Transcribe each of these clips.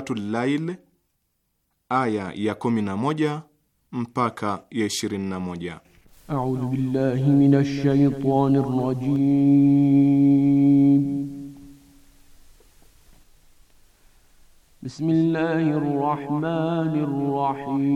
Suratul Lail aya ya moja mpaka ya 21. A'udhu billahi minash shaitanir rajim. Bismillahir rahmanir rahim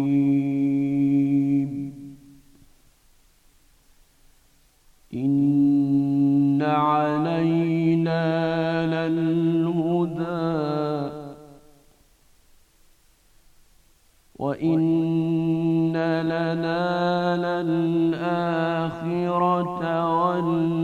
الآخرة وَالْأُولَى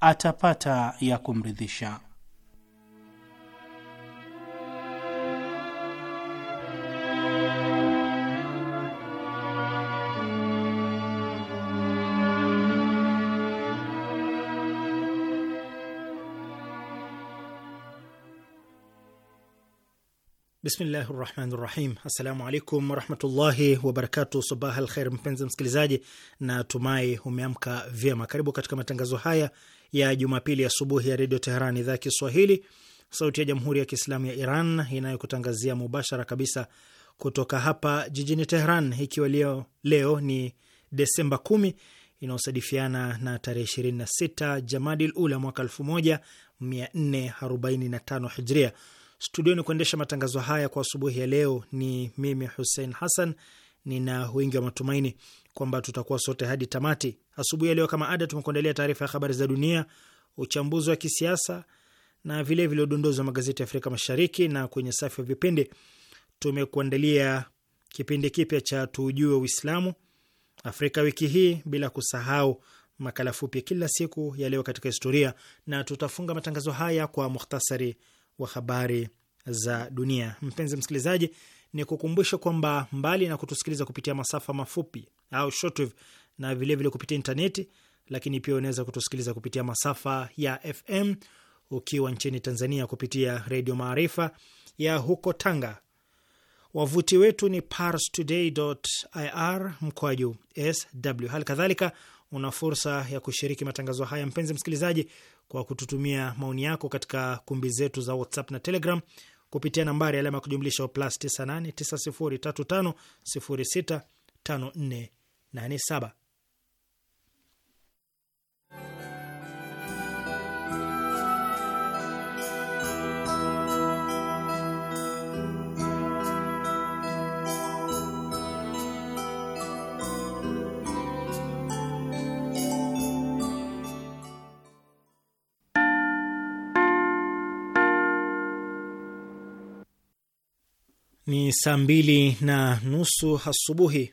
atapata ya kumridhisha. Bismillahi rahmani rahim. Assalamu alaikum warahmatullahi wabarakatu. Sabah alkhair, mpenzi msikilizaji, na tumai umeamka vyema. Karibu katika matangazo haya ya Jumapili asubuhi ya Redio Teheran, idhaa ya Kiswahili, sauti ya Jamhuri ya Kiislamu ya Iran, inayokutangazia mubashara kabisa kutoka hapa jijini Teheran, ikiwa leo, leo ni Desemba kumi inayosadifiana na tarehe 26 Jamadil Ula mwaka 1445 Hijria. Studioni kuendesha matangazo haya kwa asubuhi ya leo ni mimi Hussein Hassan, nina wingi wa matumaini kwamba tutakuwa sote hadi tamati. Asubuhi ya leo kama ada, tumekuandalia taarifa ya habari za dunia, uchambuzi wa kisiasa na vilevile udondozi wa magazeti ya Afrika Mashariki, na kwenye safu ya vipindi tumekuandalia kipindi kipya cha Tujue Uislamu Afrika wiki hii, bila kusahau makala fupi kila siku ya leo katika historia, na tutafunga matangazo haya kwa muhtasari wa habari za dunia. Mpenzi msikilizaji, ni kukumbusha kwamba mbali na kutusikiliza kupitia masafa mafupi au shortwave na vilevile vile kupitia intaneti, lakini pia unaweza kutusikiliza kupitia masafa ya FM ukiwa nchini Tanzania kupitia Redio Maarifa ya huko Tanga. Wavuti wetu ni parstoday.ir mkwaju sw. Hali kadhalika una fursa ya kushiriki matangazo haya, mpenzi msikilizaji, kwa kututumia maoni yako katika kumbi zetu za WhatsApp na Telegram kupitia nambari alama ya kujumlisha plus 98 903506 ni saa mbili na nusu asubuhi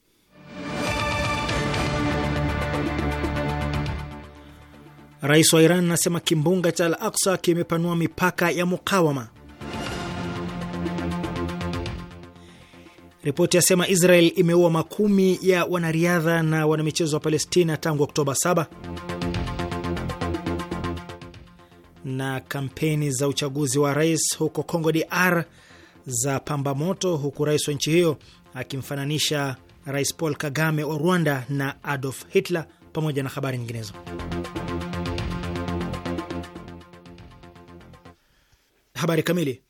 Rais wa Iran anasema kimbunga cha Al Aksa kimepanua mipaka ya mukawama. Ripoti yasema Israel imeua makumi ya wanariadha na wanamichezo wa Palestina tangu Oktoba 7. Na kampeni za uchaguzi wa rais huko Congo DR za pamba moto, huku rais wa nchi hiyo akimfananisha Rais Paul Kagame wa Rwanda na Adolf Hitler, pamoja na habari nyinginezo. Habari kamili.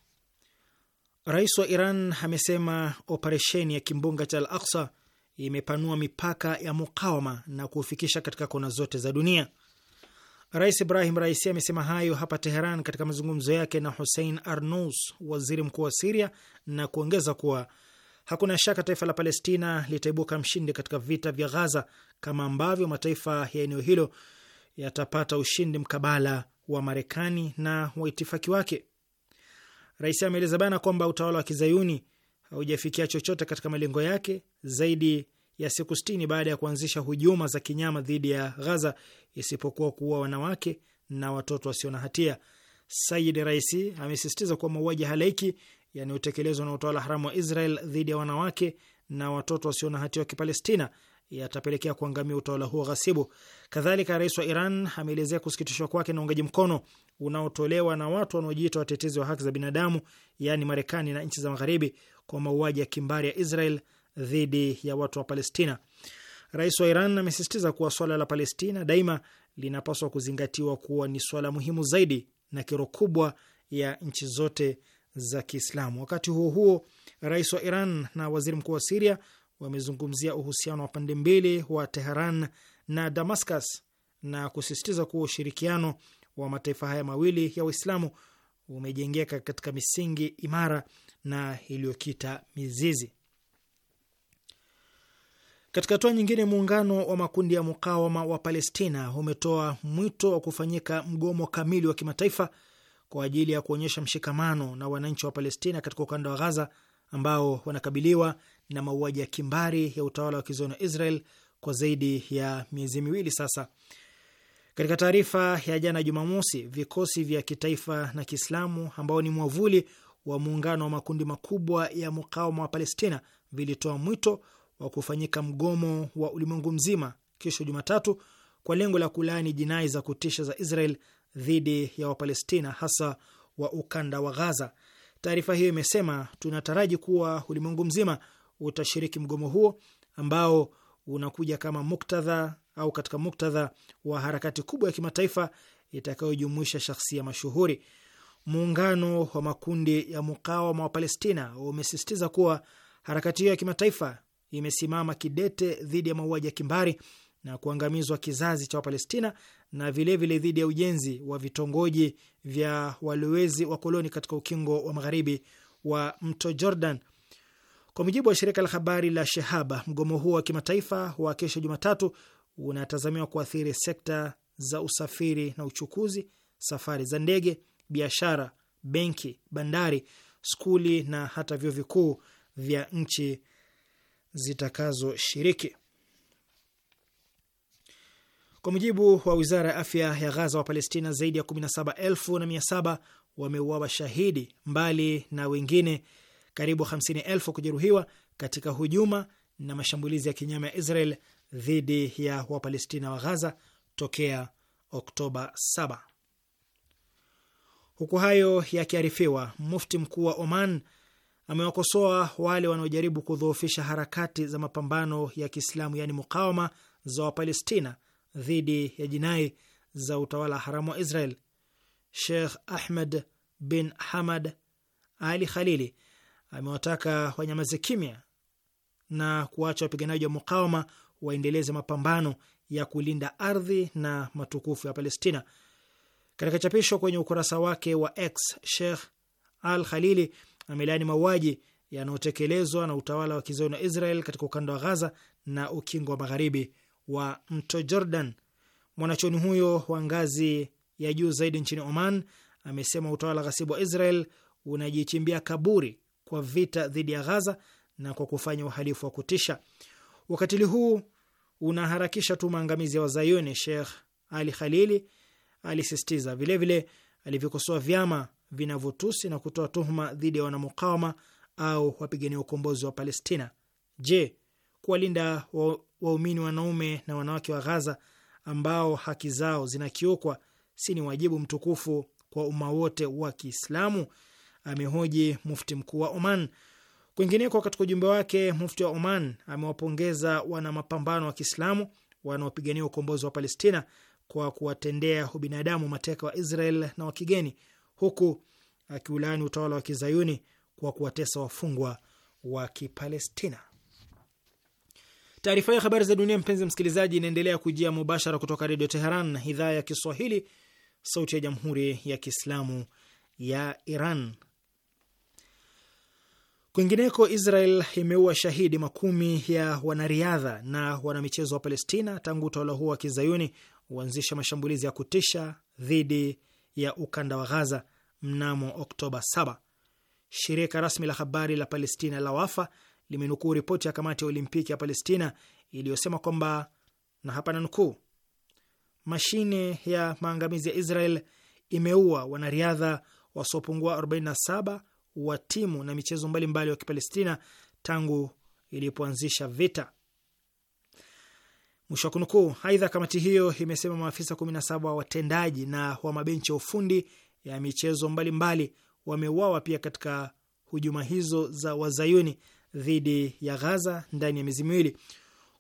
Rais wa Iran amesema operesheni ya kimbunga cha Al Aksa imepanua mipaka ya mukawama na kufikisha katika kona zote za dunia. Rais Ibrahim Raisi amesema hayo hapa Teheran katika mazungumzo yake na Hussein Arnous, waziri mkuu wa Siria, na kuongeza kuwa hakuna shaka taifa la Palestina litaibuka mshindi katika vita vya Ghaza kama ambavyo mataifa ya eneo hilo yatapata ushindi mkabala wa Marekani na waitifaki wake. Rais ameeleza bana kwamba utawala wa kizayuni haujafikia chochote katika malengo yake zaidi ya siku sitini baada ya kuanzisha hujuma za kinyama dhidi ya Ghaza isipokuwa kuua wanawake na watoto wasio na hatia. Sayid Raisi amesisitiza kuwa mauaji halaiki yanayotekelezwa na utawala haramu wa Israel dhidi ya wanawake na watoto wasio na hatia wa Kipalestina yatapelekea kuangamia utawala huo ghasibu. Kadhalika, rais wa Iran ameelezea kusikitishwa kwake na uungaji mkono unaotolewa na watu wanaojiita watetezi wa haki za binadamu yaani Marekani na nchi za Magharibi kwa mauaji ya kimbari ya Israel dhidi ya watu wa Palestina. Rais wa Iran amesisitiza kuwa swala la Palestina daima linapaswa kuzingatiwa kuwa ni swala muhimu zaidi na kero kubwa ya nchi zote za Kiislamu. Wakati huo huo, rais wa Iran na waziri mkuu wa Siria wamezungumzia uhusiano wa pande mbili wa Teheran na Damascus na kusisitiza kuwa ushirikiano wa mataifa haya mawili ya Waislamu umejengeka katika misingi imara na iliyokita mizizi. Katika hatua nyingine, muungano wa makundi ya mukawama wa Palestina umetoa mwito wa kufanyika mgomo kamili wa kimataifa kwa ajili ya kuonyesha mshikamano na wananchi wa Palestina katika ukanda wa Ghaza ambao wanakabiliwa na mauaji ya kimbari ya utawala wa kizayuni wa Israel kwa zaidi ya miezi miwili sasa. Katika taarifa ya jana Jumamosi, vikosi vya kitaifa na Kiislamu ambao ni mwavuli wa muungano wa makundi makubwa ya mukawama wa Palestina vilitoa mwito wa kufanyika mgomo wa ulimwengu mzima kesho Jumatatu kwa lengo la kulaani jinai za kutisha za Israel dhidi ya Wapalestina hasa wa ukanda wa ghaza Taarifa hiyo imesema, tunataraji kuwa ulimwengu mzima utashiriki mgomo huo ambao unakuja kama muktadha au katika muktadha wa harakati kubwa ya kimataifa itakayojumuisha shahsia mashuhuri. Muungano wa makundi ya mukawama wa Palestina umesisitiza kuwa harakati hiyo ya kimataifa imesimama kidete dhidi ya mauaji ya kimbari na kuangamizwa kizazi cha Wapalestina na vilevile dhidi ya ujenzi wa vitongoji vya walowezi wa koloni katika ukingo wa magharibi wa mto Jordan. Kwa mujibu wa shirika la habari la Shehaba, mgomo huo wa kimataifa wa kesho Jumatatu unatazamiwa kuathiri sekta za usafiri na uchukuzi, safari za ndege, biashara, benki, bandari, skuli na hata vyuo vikuu vya nchi zitakazoshiriki. Kwa mujibu wa wizara ya afya ya Ghaza, wa Palestina zaidi ya 17,700 wameuawa shahidi, mbali na wengine karibu 50,000 kujeruhiwa katika hujuma na mashambulizi ya kinyama ya Israel dhidi ya Wapalestina wa Ghaza tokea Oktoba 7. Huku hayo yakiarifiwa, mufti mkuu wa Oman amewakosoa wale wanaojaribu kudhoofisha harakati za mapambano ya Kiislamu, yaani mukawama, za Wapalestina dhidi ya jinai za utawala haramu wa Israel. Sheikh Ahmed bin Hamad Ali Khalili amewataka wanyamaze kimya na kuacha wapiganaji wa mukawama waendeleze mapambano ya kulinda ardhi na matukufu ya Palestina. Katika chapisho kwenye ukurasa wake wa X, Sheikh Al Khalili amelaani mauaji yanayotekelezwa na utawala wa kizayuni wa Israel katika ukanda wa Ghaza na ukingo wa magharibi wa mto Jordan. Mwanachoni huyo wa ngazi ya juu zaidi nchini Oman amesema utawala ghasibu wa Israel unajichimbia kaburi kwa vita dhidi ya Ghaza na kwa kufanya uhalifu wa kutisha. Wakatili huu unaharakisha tu maangamizi ya Wazayuni, Sheikh Ali Khalili alisisitiza. Vilevile alivyokosoa vyama vinavyotusi na kutoa tuhuma dhidi ya wanamukawama au wapigania ukombozi wa Palestina. Je, kuwalinda waumini wa wanaume na wanawake wa Ghaza ambao haki zao zinakiukwa si ni wajibu mtukufu kwa umma wote wa Kiislamu? Amehoji mufti mkuu wa Oman. Kwingineko, katika ujumbe wake, mufti wa Oman amewapongeza wana mapambano wa Kiislamu wanaopigania ukombozi wa Palestina kwa kuwatendea ubinadamu mateka wa Israel na wa kigeni, huku akiulaani utawala wa kizayuni kwa kuwatesa wafungwa wa Kipalestina. Taarifa ya habari za dunia, mpenzi msikilizaji, inaendelea kujia mubashara kutoka Redio Teheran, idhaa ya Kiswahili, sauti ya Jamhuri ya Kiislamu ya Iran. Kwingineko, Israel imeua shahidi makumi ya wanariadha na wanamichezo wa Palestina tangu utawala huo wa kizayuni huanzisha mashambulizi ya kutisha dhidi ya ukanda wa Ghaza mnamo Oktoba 7. Shirika rasmi la habari la Palestina la Wafa limenukuu ripoti ya kamati ya Olimpiki ya Palestina iliyosema kwamba, na hapa nanukuu, mashine ya maangamizi ya Israel imeua wanariadha wasiopungua 47 wa timu na michezo mbalimbali wa Kipalestina tangu ilipoanzisha vita. Mwisho wa kunukuu. Aidha, kamati hiyo imesema maafisa 17 watendaji na wa mabenchi ya ufundi ya michezo mbalimbali wameuawa pia katika hujuma hizo za wazayuni dhidi ya Ghaza ndani ya miezi miwili.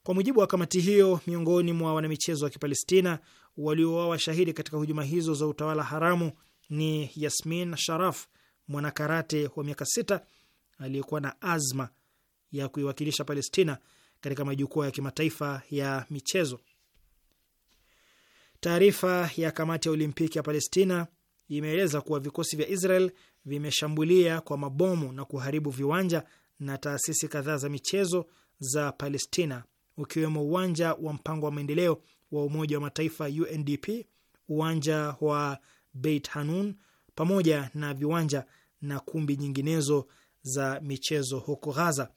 Kwa mujibu wa kamati hiyo, miongoni mwa wanamichezo wa Kipalestina waliouawa shahidi katika hujuma hizo za utawala haramu ni Yasmin Sharaf mwanakarate wa miaka sita aliyekuwa na azma ya kuiwakilisha Palestina katika majukwaa ya kimataifa ya michezo. Taarifa ya kamati ya Olimpiki ya Palestina imeeleza kuwa vikosi vya Israel vimeshambulia kwa mabomu na kuharibu viwanja na taasisi kadhaa za michezo za Palestina, ukiwemo uwanja wa mpango wa maendeleo wa Umoja wa Mataifa UNDP, uwanja wa Beit Hanun pamoja na viwanja na kumbi nyinginezo za michezo huko Ghaza.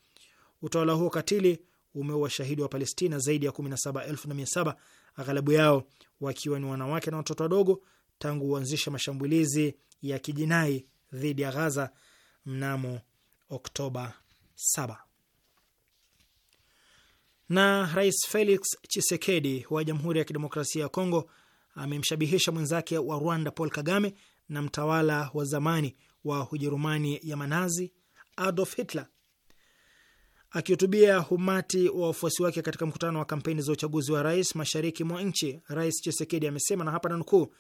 Utawala huo katili umewashahidi wa Palestina zaidi ya 17,700 aghalabu yao wakiwa ni wanawake na watoto wadogo tangu huanzisha mashambulizi ya kijinai dhidi ya Ghaza mnamo Oktoba 7. Na Rais Felix Chisekedi wa Jamhuri ya Kidemokrasia ya Kongo amemshabihisha mwenzake wa Rwanda Paul Kagame na mtawala wa zamani wa Ujerumani ya manazi Adolf Hitler. Akihutubia umati wa wafuasi wake katika mkutano wa kampeni za uchaguzi wa rais mashariki mwa nchi, Rais Chisekedi amesema, na hapa nanukuu,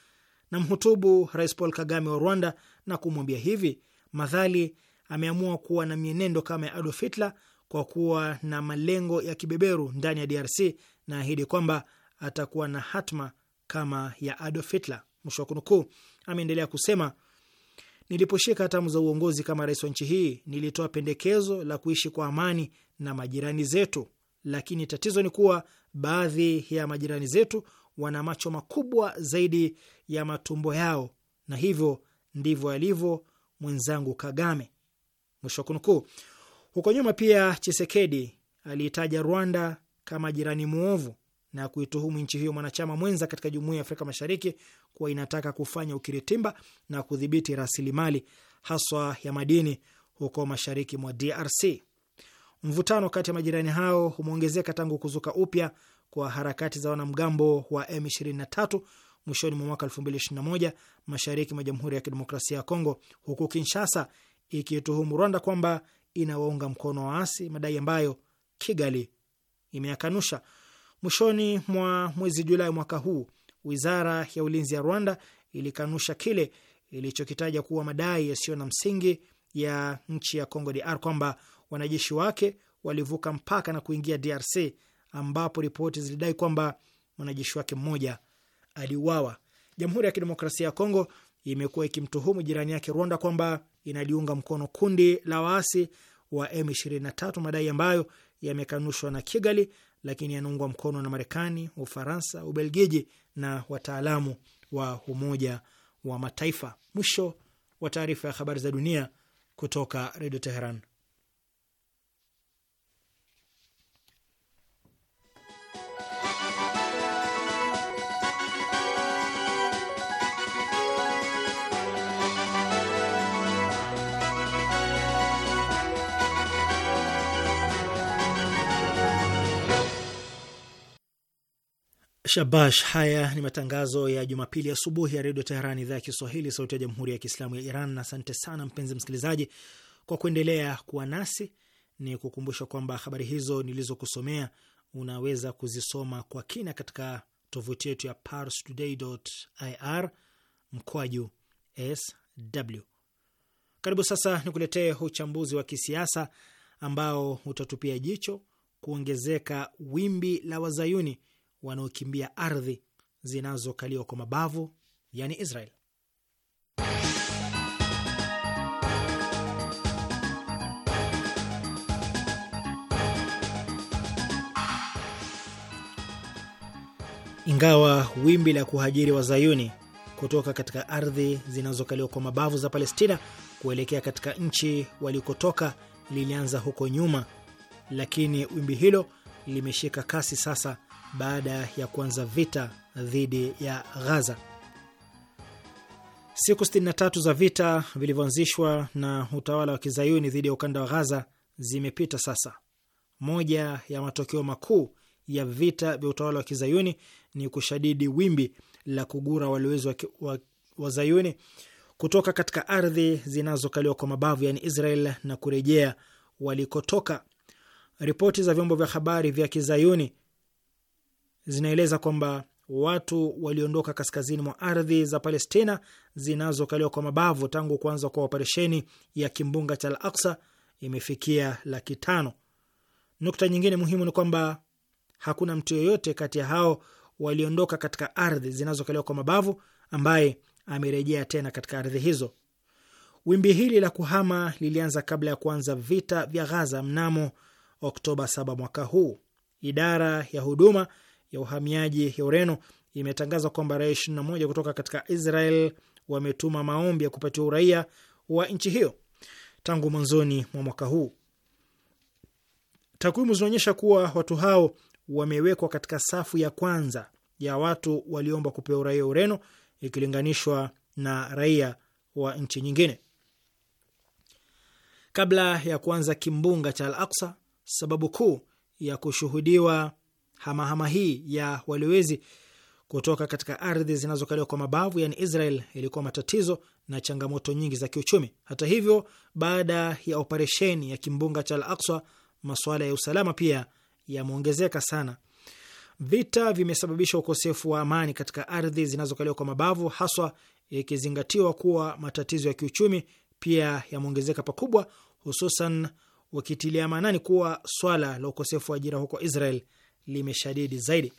mhutubu Rais Paul Kagame wa Rwanda na kumwambia hivi, madhali ameamua kuwa na mienendo kama ya Adolf Hitler kwa kuwa na malengo ya kibeberu ndani ya DRC, na ahidi kwamba atakuwa na hatma kama ya Adolf Hitler, mwisho wa kunukuu. Ameendelea kusema Niliposhika hatamu za uongozi kama rais wa nchi hii, nilitoa pendekezo la kuishi kwa amani na majirani zetu, lakini tatizo ni kuwa baadhi ya majirani zetu wana macho makubwa zaidi ya matumbo yao, na hivyo ndivyo alivyo mwenzangu Kagame. Mwisho wa kunukuu. Huko nyuma pia Chisekedi aliitaja Rwanda kama jirani mwovu na kuituhumu nchi hiyo mwanachama mwenza katika jumuiya ya Afrika Mashariki kuwa inataka kufanya ukiritimba na kudhibiti rasilimali haswa ya madini huko mashariki mwa DRC. Mvutano kati ya majirani hao umeongezeka tangu kuzuka upya kwa harakati za wanamgambo wa M23 mwishoni mwa mwaka 2021 mashariki mwa Jamhuri ya Kidemokrasia ya Kongo, huku Kinshasa ikituhumu Rwanda kwamba inawaunga mkono waasi, madai ambayo Kigali imeyakanusha. Mwishoni mwa mwezi Julai mwaka huu wizara ya ulinzi ya Rwanda ilikanusha kile ilichokitaja kuwa madai yasiyo na msingi ya nchi ya Congo DR kwamba wanajeshi wake walivuka mpaka na kuingia DRC, ambapo ripoti zilidai kwamba mwanajeshi wake mmoja aliuawa. Jamhuri ya Kidemokrasia ya Kongo imekuwa ikimtuhumu jirani yake Rwanda kwamba inaliunga mkono kundi la waasi wa M23, madai ambayo yamekanushwa na Kigali lakini yanaungwa mkono na Marekani, Ufaransa, Ubelgiji na wataalamu wa Umoja wa Mataifa. Mwisho wa taarifa ya habari za dunia kutoka Redio Teheran. Shabash. Haya ni matangazo ya Jumapili asubuhi ya redio Teherani, idhaa ya Kiswahili, sauti ya jamhuri ya kiislamu ya Iran. asante sana mpenzi msikilizaji kwa kuendelea kuwa nasi. Ni kukumbusha kwamba habari hizo nilizokusomea unaweza kuzisoma kwa kina katika tovuti yetu ya parstoday.ir mkwaju sw. Karibu sasa nikuletee uchambuzi wa kisiasa ambao utatupia jicho kuongezeka wimbi la wazayuni wanaokimbia ardhi zinazokaliwa kwa mabavu, yani Israel. Ingawa wimbi la kuhajiri wazayuni kutoka katika ardhi zinazokaliwa kwa mabavu za Palestina kuelekea katika nchi walikotoka lilianza huko nyuma, lakini wimbi hilo limeshika kasi sasa baada ya kuanza vita dhidi ya Ghaza. Siku 63 za vita vilivyoanzishwa na utawala wa kizayuni dhidi ya ukanda wa Ghaza zimepita sasa. Moja ya matokeo makuu ya vita vya utawala wa kizayuni ni kushadidi wimbi la kugura walowezi wazayuni wa, wa kutoka katika ardhi zinazokaliwa kwa mabavu yani Israel na kurejea walikotoka. Ripoti za vyombo vya habari vya kizayuni zinaeleza kwamba watu waliondoka kaskazini mwa ardhi za Palestina zinazokaliwa kwa mabavu tangu kuanza kwa operesheni ya kimbunga cha Al-Aqsa imefikia laki tano. Nukta nyingine muhimu ni kwamba hakuna mtu yoyote kati ya hao waliondoka katika ardhi zinazokaliwa kwa mabavu ambaye amerejea tena katika ardhi hizo. Wimbi hili la kuhama lilianza kabla ya kuanza vita vya Ghaza mnamo Oktoba 7 mwaka huu. Idara ya huduma ya uhamiaji ya Ureno imetangaza kwamba raia moja kutoka katika Israel wametuma maombi ya kupatiwa uraia wa nchi hiyo tangu mwanzoni mwa mwaka huu. Takwimu zinaonyesha kuwa watu hao wamewekwa katika safu ya kwanza ya watu walioomba kupewa uraia Ureno ikilinganishwa na raia wa nchi nyingine. Kabla ya kuanza kimbunga cha Al Aksa, sababu kuu ya kushuhudiwa Hamahama hii ya walowezi kutoka katika ardhi zinazokaliwa kwa mabavu yani Israel ilikuwa matatizo na changamoto nyingi za kiuchumi. Hata hivyo, baada ya operesheni ya kimbunga cha Al-Aqsa, masuala ya usalama pia yameongezeka sana. Vita vimesababisha ukosefu wa amani katika ardhi zinazokaliwa kwa mabavu, haswa ikizingatiwa kuwa matatizo ya kiuchumi pia yameongezeka pakubwa, hususan wakitilia maanani kuwa swala la ukosefu wa ajira huko Israel limeshadidi zaidi.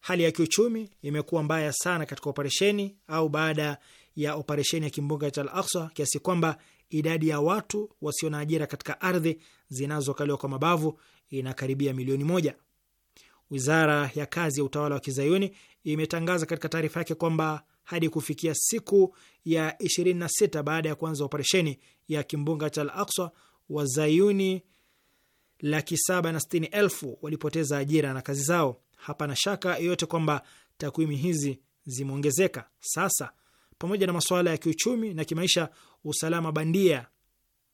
Hali ya kiuchumi imekuwa mbaya sana katika operesheni au baada ya operesheni ya kimbunga cha Al-Aqsa kiasi kwamba idadi ya watu wasio na ajira katika ardhi zinazokaliwa kwa mabavu inakaribia milioni moja. Wizara ya kazi ya utawala wa kizayuni imetangaza katika taarifa yake kwamba hadi kufikia siku ya 26 baada ya kuanza operesheni ya kimbunga cha Al-Aqsa, wazayuni laki saba na sitini elfu walipoteza ajira na kazi zao. Hapana shaka yoyote kwamba takwimu hizi zimeongezeka sasa. Pamoja na masuala ya kiuchumi na kimaisha, usalama bandia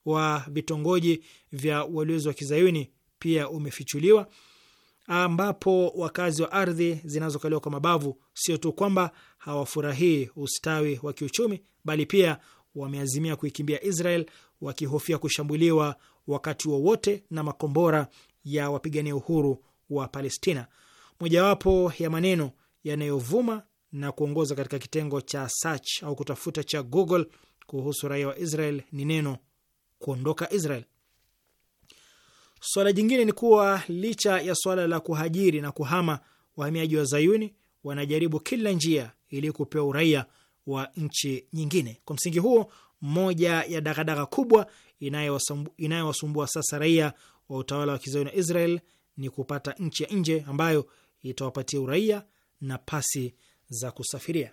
wa vitongoji vya walowezi wa kizayuni pia umefichuliwa, ambapo wakazi wa ardhi zinazokaliwa kwa mabavu sio tu kwamba hawafurahii ustawi wa kiuchumi, bali pia wameazimia kuikimbia Israel wakihofia kushambuliwa wakati wowote wa na makombora ya wapigania uhuru wa Palestina. Mojawapo ya maneno yanayovuma na kuongoza katika kitengo cha search au kutafuta cha Google kuhusu raia wa Israel ni neno kuondoka Israel. Swala jingine ni kuwa licha ya swala la kuhajiri na kuhama, wahamiaji wa Zayuni wanajaribu kila njia ili kupewa uraia wa nchi nyingine. Kwa msingi huo, moja ya dagadaga kubwa inayowasumbua sasa raia wa utawala wa kizayuni na Israel ni kupata nchi ya nje ambayo itawapatia uraia na pasi za kusafiria.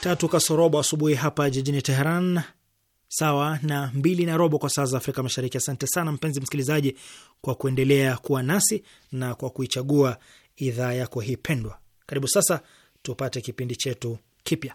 Tatu kasorobo asubuhi hapa jijini Teheran sawa na mbili na robo kwa saa za Afrika Mashariki. Asante sana mpenzi msikilizaji kwa kuendelea kuwa nasi na kwa kuichagua idhaa yako hii pendwa. Karibu sasa tupate kipindi chetu kipya.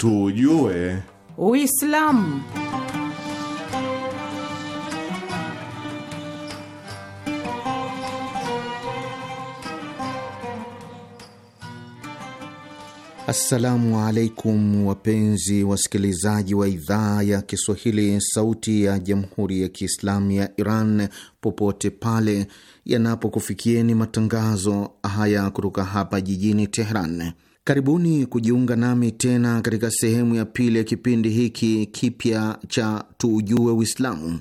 tujue Uislamu. Assalamu alaikum wapenzi wasikilizaji wa idhaa ya Kiswahili sauti ya jamhuri ya Kiislamu ya Iran, popote pale yanapokufikieni matangazo haya kutoka hapa jijini Tehran. Karibuni kujiunga nami tena katika sehemu ya pili ya kipindi hiki kipya cha tuujue Uislamu.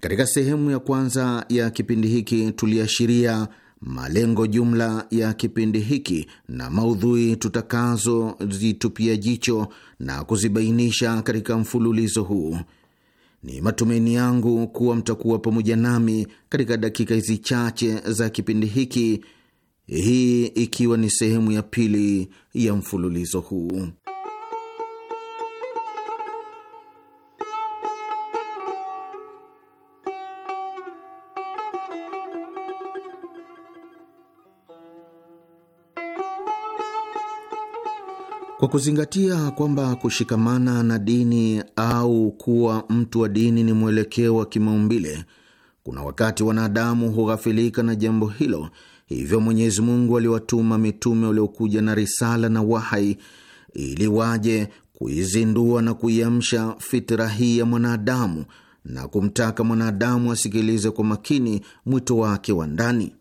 Katika sehemu ya kwanza ya kipindi hiki tuliashiria malengo jumla ya kipindi hiki na maudhui tutakazozitupia jicho na kuzibainisha katika mfululizo huu. Ni matumaini yangu kuwa mtakuwa pamoja nami katika dakika hizi chache za kipindi hiki hii ikiwa ni sehemu ya pili ya mfululizo huu. Kwa kuzingatia kwamba kushikamana na dini au kuwa mtu wa dini ni mwelekeo wa kimaumbile, kuna wakati wanadamu hughafilika na jambo hilo Hivyo Mwenyezi Mungu aliwatuma mitume waliokuja na risala na wahai ili waje kuizindua na kuiamsha fitra hii ya mwanadamu na kumtaka mwanadamu asikilize kwa makini mwito wake wa ndani.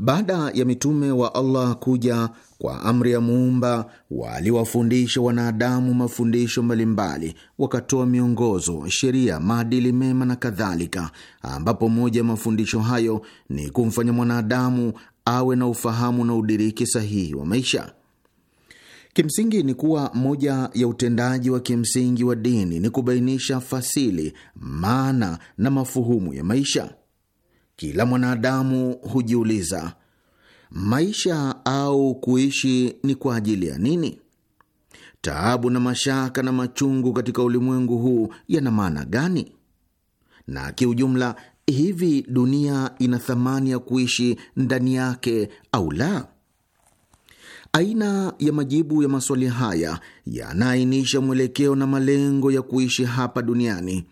Baada ya mitume wa Allah kuja kwa amri ya Muumba waliwafundisha wanadamu mafundisho mbalimbali, wakatoa miongozo, sheria, maadili mema na kadhalika, ambapo moja ya mafundisho hayo ni kumfanya mwanadamu awe na ufahamu na udiriki sahihi wa maisha. Kimsingi ni kuwa moja ya utendaji wa kimsingi wa dini ni kubainisha fasili, maana na mafuhumu ya maisha. Kila mwanadamu hujiuliza maisha au kuishi ni kwa ajili ya nini? Taabu na mashaka na machungu katika ulimwengu huu yana maana gani? Na kiujumla, hivi dunia ina thamani ya kuishi ndani yake au la? Aina ya majibu ya maswali haya yanaainisha mwelekeo na malengo ya kuishi hapa duniani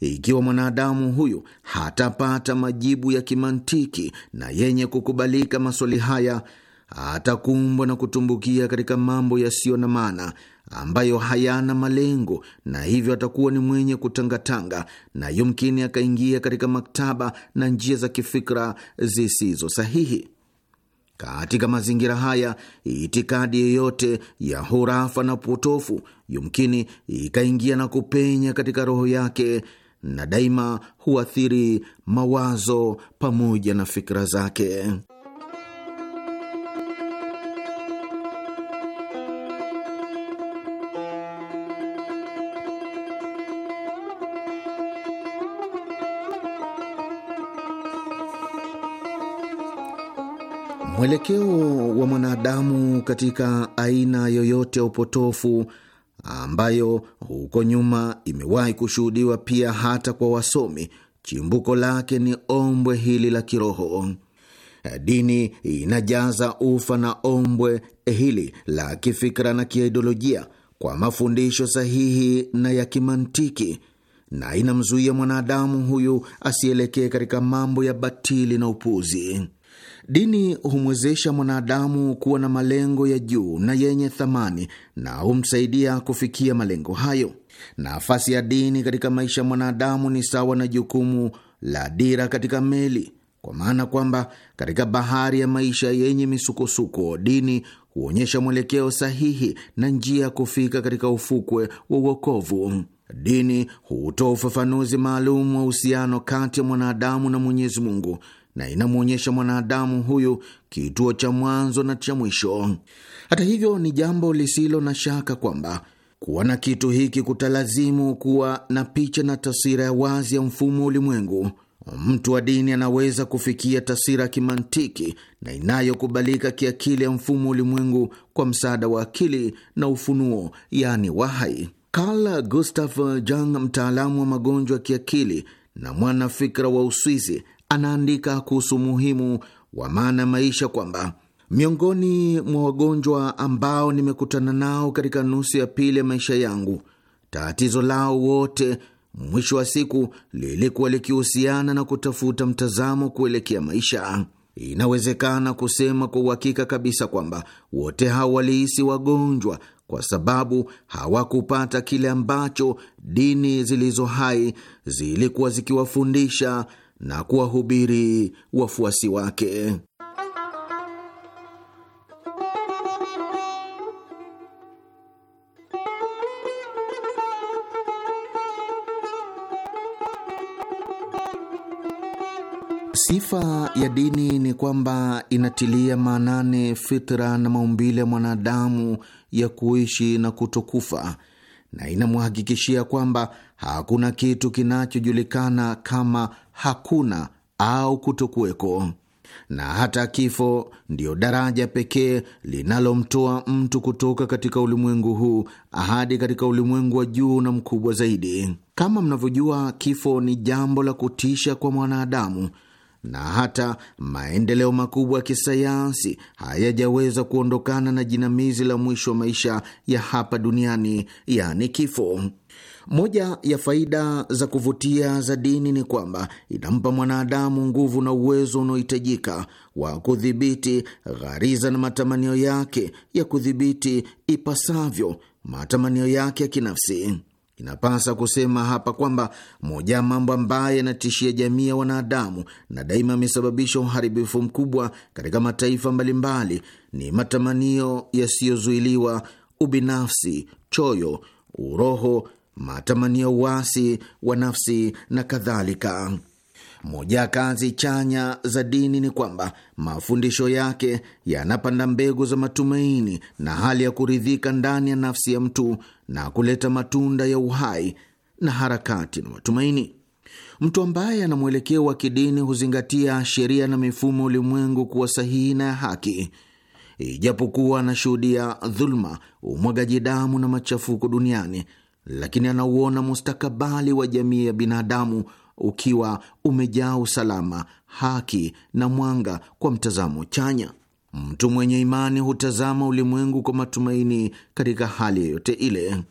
ikiwa mwanadamu huyu hatapata majibu ya kimantiki na yenye kukubalika maswali haya, atakumbwa na kutumbukia katika mambo yasiyo na maana ambayo hayana malengo, na hivyo atakuwa ni mwenye kutangatanga na yumkini akaingia katika maktaba na njia za kifikra zisizo sahihi. Katika mazingira haya, itikadi yeyote ya hurafa na potofu yumkini ikaingia na kupenya katika roho yake na daima huathiri mawazo pamoja na fikra zake. Mwelekeo wa mwanadamu katika aina yoyote ya upotofu ambayo huko nyuma imewahi kushuhudiwa pia hata kwa wasomi, chimbuko lake ni ombwe hili la kiroho. Dini inajaza ufa na ombwe hili la kifikra na kiaidolojia kwa mafundisho sahihi na ya kimantiki, na inamzuia mwanadamu huyu asielekee katika mambo ya batili na upuzi. Dini humwezesha mwanadamu kuwa na malengo ya juu na yenye thamani na humsaidia kufikia malengo hayo. Nafasi ya dini katika maisha ya mwanadamu ni sawa na jukumu la dira katika meli, kwa maana kwamba katika bahari ya maisha yenye misukosuko, dini huonyesha mwelekeo sahihi na njia ya kufika katika ufukwe wa uokovu. Dini hutoa ufafanuzi maalum wa uhusiano kati ya mwanadamu na Mwenyezi Mungu na inamwonyesha mwanadamu huyu kituo cha mwanzo na cha mwisho. Hata hivyo, ni jambo lisilo na shaka kwamba kuwa na kitu hiki kutalazimu kuwa na picha na taswira ya wazi ya mfumo ulimwengu. Mtu wa dini anaweza kufikia taswira ya kimantiki na inayokubalika kiakili ya mfumo ulimwengu kwa msaada wa akili na ufunuo, yaani wahai. Carl Gustav Jung, mtaalamu wa magonjwa ya kiakili na mwanafikra wa Uswizi, anaandika kuhusu umuhimu wa maana maisha kwamba miongoni mwa wagonjwa ambao nimekutana nao katika nusu ya pili ya maisha yangu, tatizo lao wote mwisho wa siku lilikuwa likihusiana na kutafuta mtazamo kuelekea maisha. Inawezekana kusema kwa uhakika kabisa kwamba wote hao walihisi wagonjwa kwa sababu hawakupata kile ambacho dini zilizo hai zilikuwa zikiwafundisha na kuwahubiri wafuasi wake. Sifa ya dini ni kwamba inatilia maanane fitra na maumbile ya mwanadamu ya kuishi na kutokufa, na inamhakikishia kwamba hakuna kitu kinachojulikana kama hakuna au kutokuweko, na hata kifo ndiyo daraja pekee linalomtoa mtu kutoka katika ulimwengu huu hadi katika ulimwengu wa juu na mkubwa zaidi. Kama mnavyojua, kifo ni jambo la kutisha kwa mwanadamu na hata maendeleo makubwa ya kisayansi hayajaweza kuondokana na jinamizi la mwisho wa maisha ya hapa duniani, yaani kifo. Moja ya faida za kuvutia za dini ni kwamba inampa mwanadamu nguvu na uwezo unaohitajika wa kudhibiti ghariza na matamanio yake ya kudhibiti ipasavyo matamanio yake ya kinafsi. Inapasa kusema hapa kwamba moja ya mambo ambayo yanatishia jamii ya wanadamu na daima amesababisha uharibifu mkubwa katika mataifa mbalimbali ni matamanio yasiyozuiliwa, ubinafsi, choyo, uroho matamanio, uasi wa nafsi na kadhalika. Moja ya kazi chanya za dini ni kwamba mafundisho yake yanapanda mbegu za matumaini na hali ya kuridhika ndani ya nafsi ya mtu na kuleta matunda ya uhai na harakati na matumaini. Mtu ambaye ana mwelekeo wa kidini huzingatia sheria na mifumo ulimwengu kuwa sahihi na ya haki, ijapokuwa anashuhudia dhuluma, umwagaji damu na machafuko duniani lakini anauona mustakabali wa jamii ya binadamu ukiwa umejaa usalama, haki na mwanga kwa mtazamo chanya. Mtu mwenye imani hutazama ulimwengu kwa matumaini katika hali yoyote ile.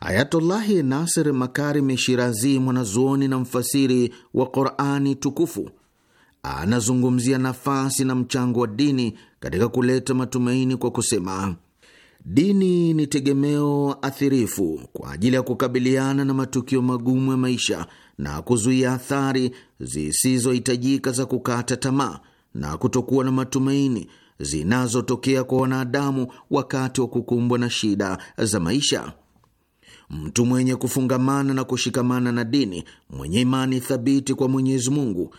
Ayatullahi Nasir Makarim Shirazi, mwanazuoni na mfasiri wa Qurani Tukufu, anazungumzia nafasi na mchango wa dini katika kuleta matumaini kwa kusema Dini ni tegemeo athirifu kwa ajili ya kukabiliana na matukio magumu ya maisha na kuzuia athari zisizohitajika za kukata tamaa na kutokuwa na matumaini zinazotokea kwa wanadamu wakati wa kukumbwa na shida za maisha. Mtu mwenye kufungamana na kushikamana na dini, mwenye imani thabiti kwa Mwenyezi Mungu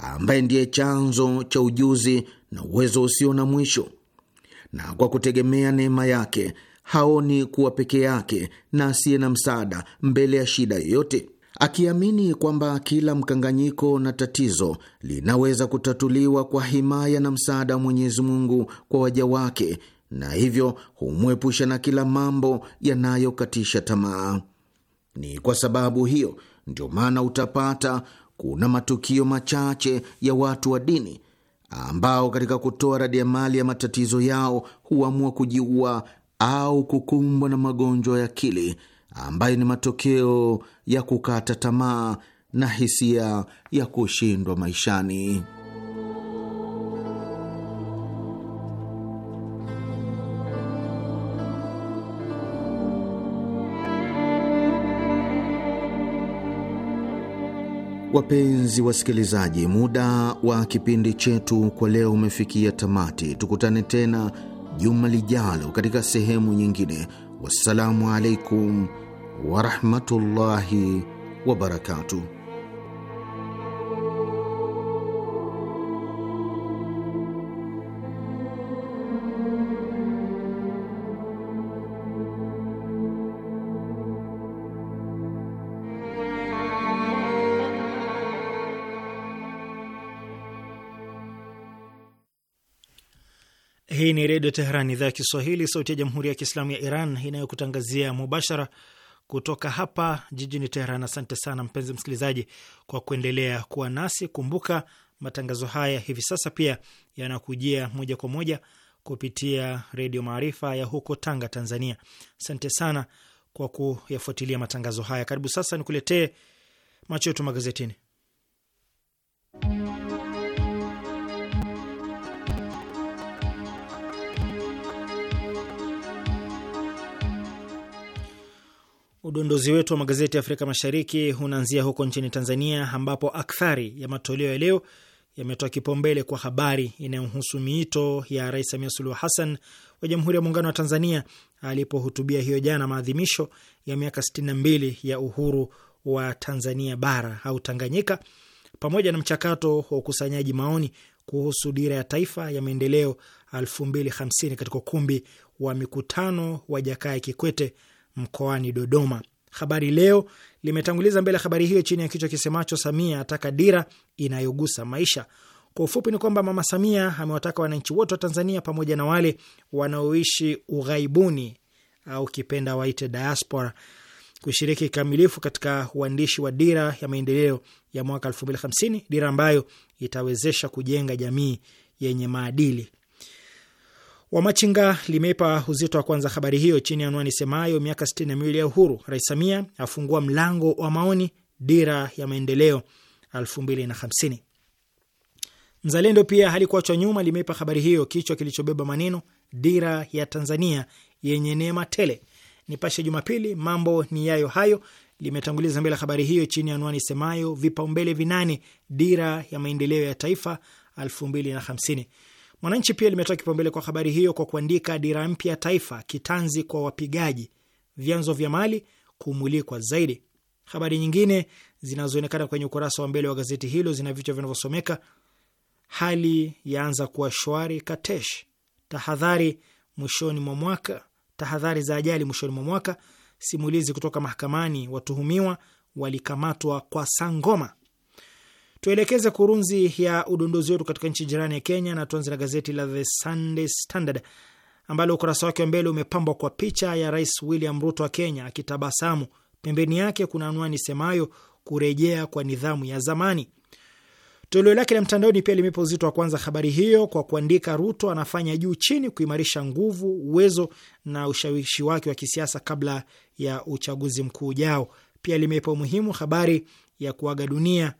ambaye ndiye chanzo cha ujuzi na uwezo usio na mwisho na kwa kutegemea neema yake haoni kuwa peke yake na asiye na msaada mbele ya shida yoyote, akiamini kwamba kila mkanganyiko na tatizo linaweza kutatuliwa kwa himaya na msaada wa Mwenyezi Mungu kwa waja wake, na hivyo humwepusha na kila mambo yanayokatisha tamaa. Ni kwa sababu hiyo ndio maana utapata kuna matukio machache ya watu wa dini ambao katika kutoa radi ya matatizo yao huamua kujiua au kukumbwa na magonjwa ya akili ambayo ni matokeo ya kukata tamaa na hisia ya kushindwa maishani. Wapenzi wasikilizaji, muda wa kipindi chetu kwa leo umefikia tamati. Tukutane tena juma lijalo katika sehemu nyingine. Wassalamu alaikum warahmatullahi wabarakatuh. Hii ni Redio Teheran, idhaa ya Kiswahili, sauti ya Jamhuri ya Kiislamu ya Iran inayokutangazia mubashara kutoka hapa jijini Teheran. Asante sana mpenzi msikilizaji kwa kuendelea kuwa nasi. Kumbuka matangazo haya hivi sasa pia yanakujia moja kwa moja kupitia Redio Maarifa ya huko Tanga, Tanzania. Asante sana kwa kuyafuatilia matangazo haya. Karibu sasa nikuletee macho yetu magazetini. Udondozi wetu wa magazeti ya Afrika Mashariki unaanzia huko nchini Tanzania, ambapo akthari ya matoleo ya leo yametoa kipaumbele kwa habari inayohusu miito ya Rais Samia Suluhu Hassan wa Jamhuri ya Muungano wa Tanzania alipohutubia hiyo jana maadhimisho ya miaka 62 ya uhuru wa Tanzania bara au Tanganyika, pamoja na mchakato wa ukusanyaji maoni kuhusu dira ya taifa ya maendeleo 2050 katika ukumbi wa mikutano wa Jakaya Kikwete mkoani Dodoma. Habari Leo limetanguliza mbele habari hiyo chini ya kichwa kisemacho, Samia ataka dira inayogusa maisha. Kwa ufupi ni kwamba Mama Samia amewataka wananchi wote wa Tanzania pamoja na wale wanaoishi ughaibuni au kipenda waite diaspora kushiriki kikamilifu katika uandishi wa dira ya maendeleo ya mwaka 2050, dira ambayo itawezesha kujenga jamii yenye maadili machinga limeipa uzito wa kwanza habari hiyo chini ya anwani semayo miaka sitini na miwili ya uhuru, Rais Samia afungua mlango wa maoni, dira ya maendeleo 2050. Mzalendo pia halikuachwa nyuma, limeipa habari hiyo kichwa kilichobeba maneno dira ya Tanzania yenye neema tele. Nipashe Jumapili, mambo ni yayo hayo, limetanguliza mbele habari hiyo chini ya anwani semayo vipaumbele vinane, dira ya maendeleo ya taifa 2050. Mwananchi pia limetoa kipaumbele kwa habari hiyo kwa kuandika dira mpya ya taifa, kitanzi kwa wapigaji, vyanzo vya mali kumulikwa zaidi. Habari nyingine zinazoonekana kwenye ukurasa wa mbele wa gazeti hilo zina vichwa vinavyosomeka hali yaanza kuwa shwari Katesh, tahadhari mwishoni mwa mwaka, tahadhari za ajali mwishoni mwa mwaka, simulizi kutoka mahakamani, watuhumiwa walikamatwa kwa sangoma Tuelekeze kurunzi ya udondozi wetu katika nchi jirani ya Kenya na tuanze na gazeti la The Sunday Standard ambalo ukurasa wake wa mbele umepambwa kwa picha ya Rais William Ruto wa Kenya akitabasamu. Pembeni yake kuna anwani semayo kurejea kwa nidhamu ya zamani. Toleo lake la mtandaoni pia limepa uzito wa kwanza habari hiyo kwa kuandika, Ruto anafanya juu chini kuimarisha nguvu, uwezo na ushawishi wake wa kisiasa kabla ya uchaguzi mkuu ujao. Pia limepa umuhimu habari ya kuaga dunia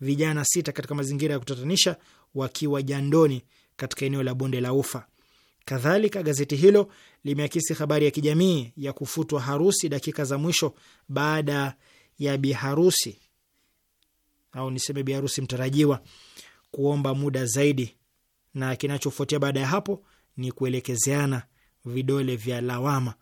vijana sita katika mazingira ya kutatanisha wakiwa jandoni katika eneo la bonde la Ufa. Kadhalika, gazeti hilo limeakisi habari ya kijamii ya kufutwa harusi dakika za mwisho baada ya biharusi au niseme biharusi mtarajiwa kuomba muda zaidi, na kinachofuatia baada ya hapo ni kuelekezeana vidole vya lawama.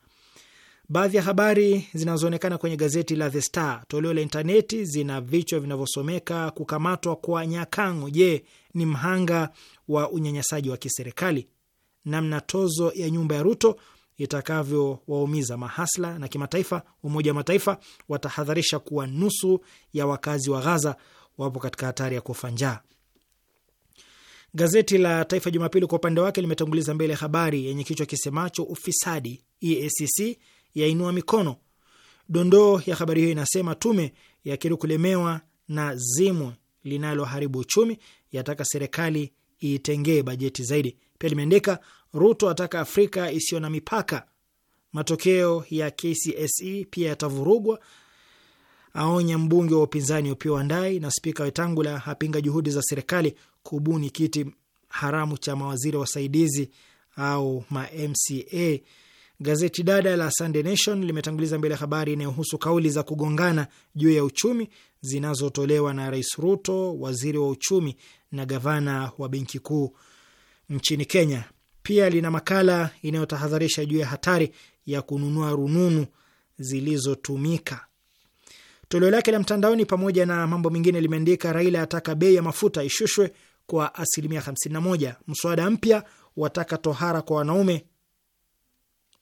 Baadhi ya habari zinazoonekana kwenye gazeti la The Star toleo la intaneti zina vichwa vinavyosomeka kukamatwa kwa Nyakango, je, ni mhanga wa unyanyasaji wa kiserikali? Namna tozo ya nyumba ya Ruto itakavyowaumiza mahasla, na kimataifa, Umoja wa Mataifa watahadharisha kuwa nusu ya wakazi wa ghaza wapo katika hatari ya kufa njaa. Gazeti la Taifa Jumapili kwa upande wake limetanguliza mbele habari yenye kichwa kisemacho ufisadi, EACC yainua mikono. Dondoo ya habari hiyo inasema tume yakiri kulemewa na zimwe linaloharibu uchumi, yataka serikali iitengee bajeti zaidi. Pia limeandika Ruto ataka Afrika isiyo na mipaka. Matokeo ya KCSE pia yatavurugwa, aonya mbunge wa upinzani Opiyo Wandayi, na spika Wetangula hapinga juhudi za serikali kubuni kiti haramu cha mawaziri wasaidizi au ma MCA Gazeti dada la Sunday Nation limetanguliza mbele habari inayohusu kauli za kugongana juu ya uchumi zinazotolewa na Rais Ruto, waziri wa uchumi na gavana wa benki kuu nchini Kenya. Pia lina makala inayotahadharisha juu ya hatari ya kununua rununu zilizotumika. Toleo lake la mtandaoni, pamoja na mambo mengine, limeandika Raila ataka bei ya mafuta ishushwe kwa asilimia 51, mswada mpya wataka tohara kwa wanaume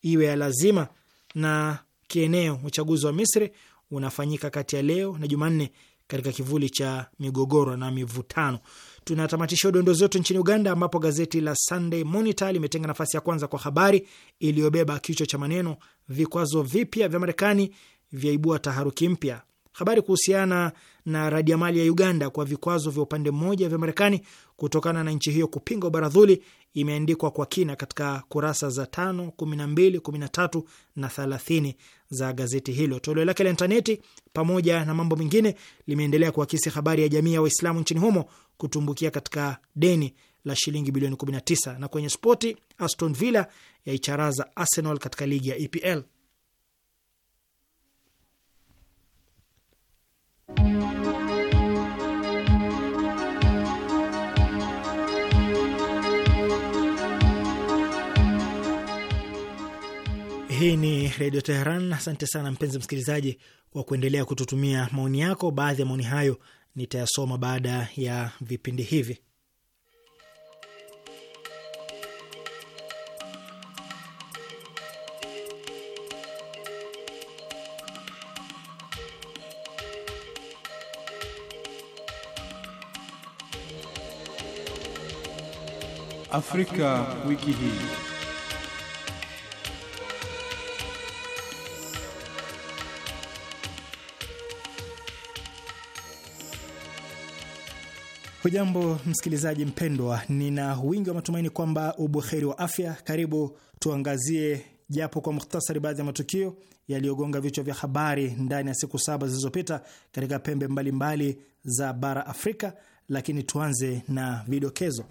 iwe ya lazima na kieneo. Uchaguzi wa Misri unafanyika kati ya leo na Jumanne katika kivuli cha migogoro na mivutano. Tunatamatisha dondoo zetu nchini Uganda, ambapo gazeti la Sunday Monitor limetenga nafasi ya kwanza kwa habari iliyobeba kichwa cha maneno vikwazo vipya vya Marekani vyaibua taharuki mpya. Habari kuhusiana na radiamali ya Uganda kwa vikwazo vya upande mmoja vya Marekani kutokana na nchi hiyo kupinga ubaradhuli imeandikwa kwa kina katika kurasa za tano, kumi na mbili, kumi na tatu na za gazeti hilo. Toleo lake la intaneti, pamoja na mambo mengine, limeendelea kuakisi habari ya jamii ya Waislamu nchini humo kutumbukia katika deni la shilingi bilioni 19. Na kwenye spoti, Aston Villa yaicharaza Arsenal katika ligi ya EPL. Hii ni Redio Teheran. Asante sana mpenzi msikilizaji kwa kuendelea kututumia maoni yako. Baadhi ya maoni hayo nitayasoma baada ya vipindi hivi. Afrika wiki hii. Hujambo msikilizaji mpendwa, nina wingi wa matumaini kwamba ubuheri wa afya. Karibu tuangazie japo kwa muhtasari baadhi ya matukio yaliyogonga vichwa vya habari ndani ya siku saba zilizopita katika pembe mbalimbali mbali za bara Afrika, lakini tuanze na vidokezo.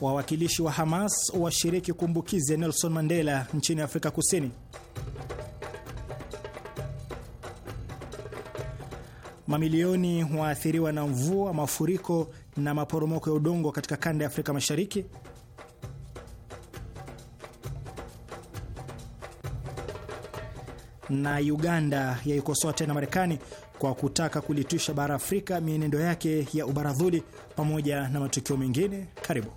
Wawakilishi wa Hamas washiriki kumbukizi ya Nelson Mandela nchini Afrika Kusini. Mamilioni waathiriwa na mvua, mafuriko na maporomoko ya udongo katika kanda ya Afrika Mashariki. Na Uganda yaikosoa tena Marekani kwa kutaka kulitisha bara Afrika mienendo yake ya ubaradhuli pamoja na matukio mengine. Karibu.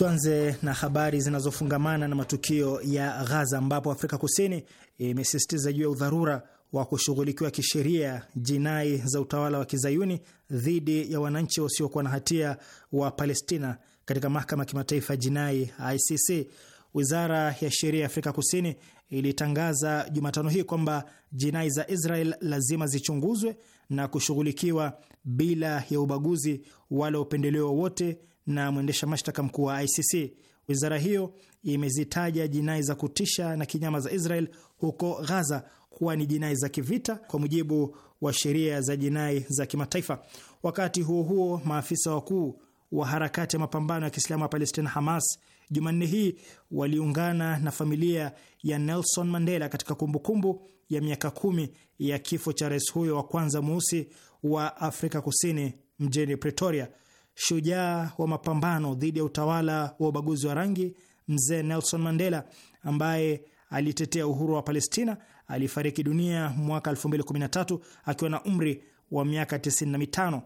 Tuanze na habari zinazofungamana na matukio ya Ghaza, ambapo Afrika Kusini imesisitiza juu ya udharura wa kushughulikiwa kisheria jinai za utawala wa kizayuni dhidi ya wananchi wasiokuwa na hatia wa Palestina katika mahakama ya kimataifa ya jinai ICC. Wizara ya sheria ya Afrika Kusini ilitangaza Jumatano hii kwamba jinai za Israel lazima zichunguzwe na kushughulikiwa bila ya ubaguzi wala upendeleo wowote na mwendesha mashtaka mkuu wa ICC. Wizara hiyo imezitaja jinai za kutisha na kinyama za Israel huko Ghaza kuwa ni jinai za kivita kwa mujibu wa sheria za jinai za kimataifa. Wakati huo huo, maafisa wakuu wa harakati ya mapambano ya Kiislamu ya Palestina, Hamas, Jumanne hii waliungana na familia ya Nelson Mandela katika kumbukumbu kumbu ya miaka kumi ya kifo cha rais huyo wa kwanza mweusi wa Afrika Kusini mjini Pretoria shujaa wa mapambano dhidi ya utawala wa ubaguzi wa rangi, mzee Nelson Mandela ambaye alitetea uhuru wa Palestina alifariki dunia mwaka 2013 akiwa na umri wa miaka 95.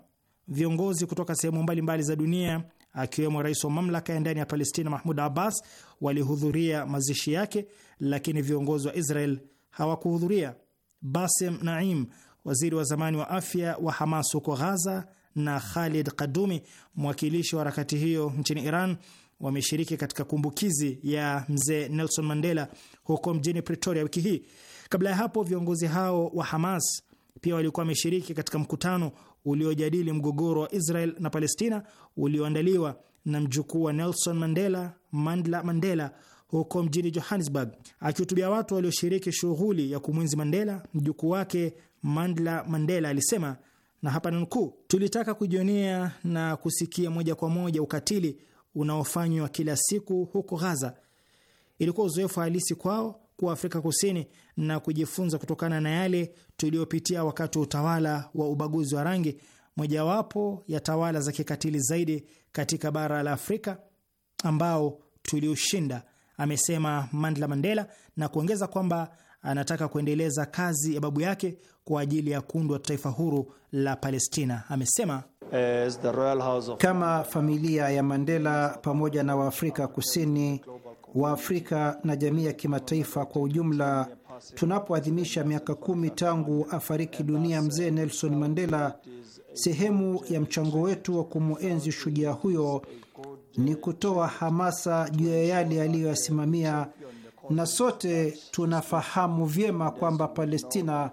Viongozi kutoka sehemu mbalimbali za dunia akiwemo rais wa mamlaka ya ndani ya Palestina Mahmud Abbas walihudhuria mazishi yake, lakini viongozi wa Israel hawakuhudhuria. Basem Naim, waziri wa zamani wa afya wa Hamas huko Ghaza, na Khalid Kadumi, mwakilishi wa harakati hiyo nchini Iran, wameshiriki katika kumbukizi ya mzee Nelson Mandela huko mjini Pretoria wiki hii. Kabla ya hapo, viongozi hao wa Hamas pia walikuwa wameshiriki katika mkutano uliojadili mgogoro wa Israel na Palestina ulioandaliwa na mjukuu wa Nelson Mandela, Mandla Mandela, huko mjini Johannesburg. Akihutubia watu walioshiriki shughuli ya kumwenzi Mandela, mjukuu wake Mandla Mandela alisema na hapa nukuu, tulitaka kujionea na kusikia moja kwa moja ukatili unaofanywa kila siku huko Ghaza. Ilikuwa uzoefu halisi kwao kuwa Afrika Kusini na kujifunza kutokana na yale tuliyopitia wakati wa utawala wa ubaguzi wa rangi, mojawapo ya tawala za kikatili zaidi katika bara la Afrika ambao tuliushinda, amesema Mandla Mandela na kuongeza kwamba anataka kuendeleza kazi ya babu yake kwa ajili ya kuundwa taifa huru la Palestina. Amesema kama familia ya Mandela pamoja na Waafrika Kusini, Waafrika na jamii ya kimataifa kwa ujumla, tunapoadhimisha miaka kumi tangu afariki dunia mzee Nelson Mandela, sehemu ya mchango wetu wa kumwenzi shujaa huyo ni kutoa hamasa juu ya yale aliyoyasimamia na sote tunafahamu vyema kwamba Palestina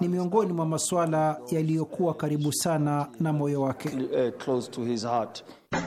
ni miongoni mwa masuala yaliyokuwa karibu sana na moyo wake. Uh,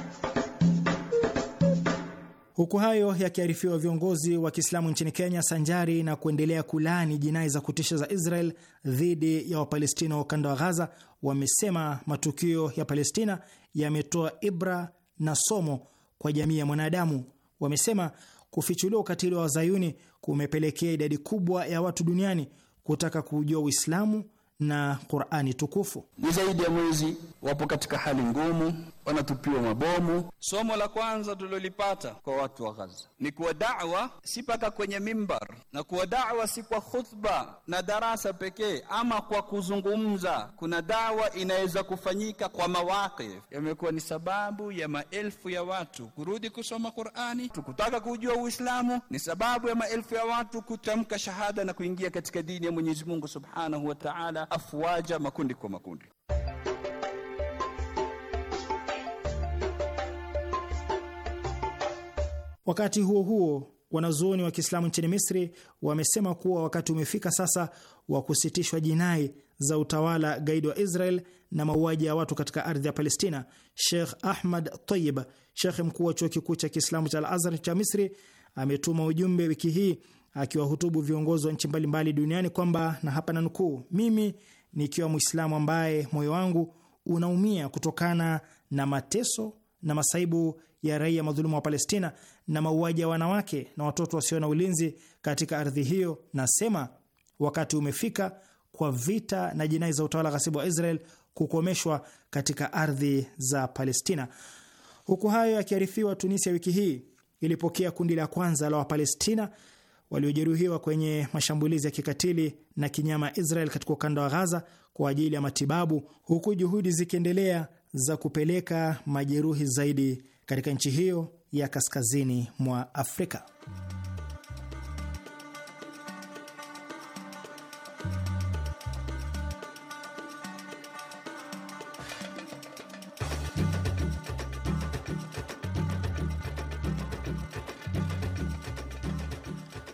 Huku hayo yakiarifiwa, viongozi wa Kiislamu nchini Kenya, sanjari na kuendelea kulaani jinai za kutisha za Israel dhidi ya Wapalestina wa ukanda wa Ghaza, wamesema matukio ya Palestina yametoa ibra na somo kwa jamii ya mwanadamu. Wamesema Kufichuliwa ukatili wa wazayuni kumepelekea idadi kubwa ya watu duniani kutaka kuujua Uislamu na Qur'ani tukufu. Ni zaidi ya mwezi wapo katika hali ngumu wanatupiwa mabomu. Somo la kwanza tulilolipata kwa watu wa Gaza ni kuwa da'wa si paka kwenye mimbar, na kuwa da'wa si kwa khutba na darasa pekee ama kwa kuzungumza. Kuna da'wa inaweza kufanyika kwa mawaqif. Yamekuwa ni sababu ya maelfu ya watu kurudi kusoma Qur'ani, tukutaka kujua Uislamu, ni sababu ya maelfu ya watu kutamka shahada na kuingia katika dini ya Mwenyezi Mungu Subhanahu wa Ta'ala, afwaja, makundi kwa makundi. Wakati huo huo, wanazuoni wa Kiislamu nchini Misri wamesema kuwa wakati umefika sasa wa kusitishwa jinai za utawala gaidi wa Israel na mauaji ya watu katika ardhi ya Palestina. Sheikh Ahmad Tayib, shekhe mkuu wa chuo kikuu cha Kiislamu cha Al Azhar cha Misri, ametuma ujumbe wiki hii akiwahutubu viongozi wa nchi mbalimbali duniani kwamba, na hapa na nukuu, mimi nikiwa Mwislamu ambaye moyo wangu unaumia kutokana na mateso na masaibu ya raia madhulumu wa Palestina na mauaji ya wanawake na watoto wasio na ulinzi katika ardhi hiyo, nasema wakati umefika kwa vita na jinai za utawala ghasibu wa Israel kukomeshwa katika ardhi za Palestina. Huku hayo yakiarifiwa, Tunisia wiki hii ilipokea kundi la kwanza la Wapalestina waliojeruhiwa kwenye mashambulizi ya kikatili na kinyama Israel katika ukanda wa Ghaza kwa ajili ya matibabu, huku juhudi zikiendelea za kupeleka majeruhi zaidi katika nchi hiyo ya kaskazini mwa Afrika.